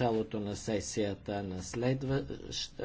началото на сесията на следващата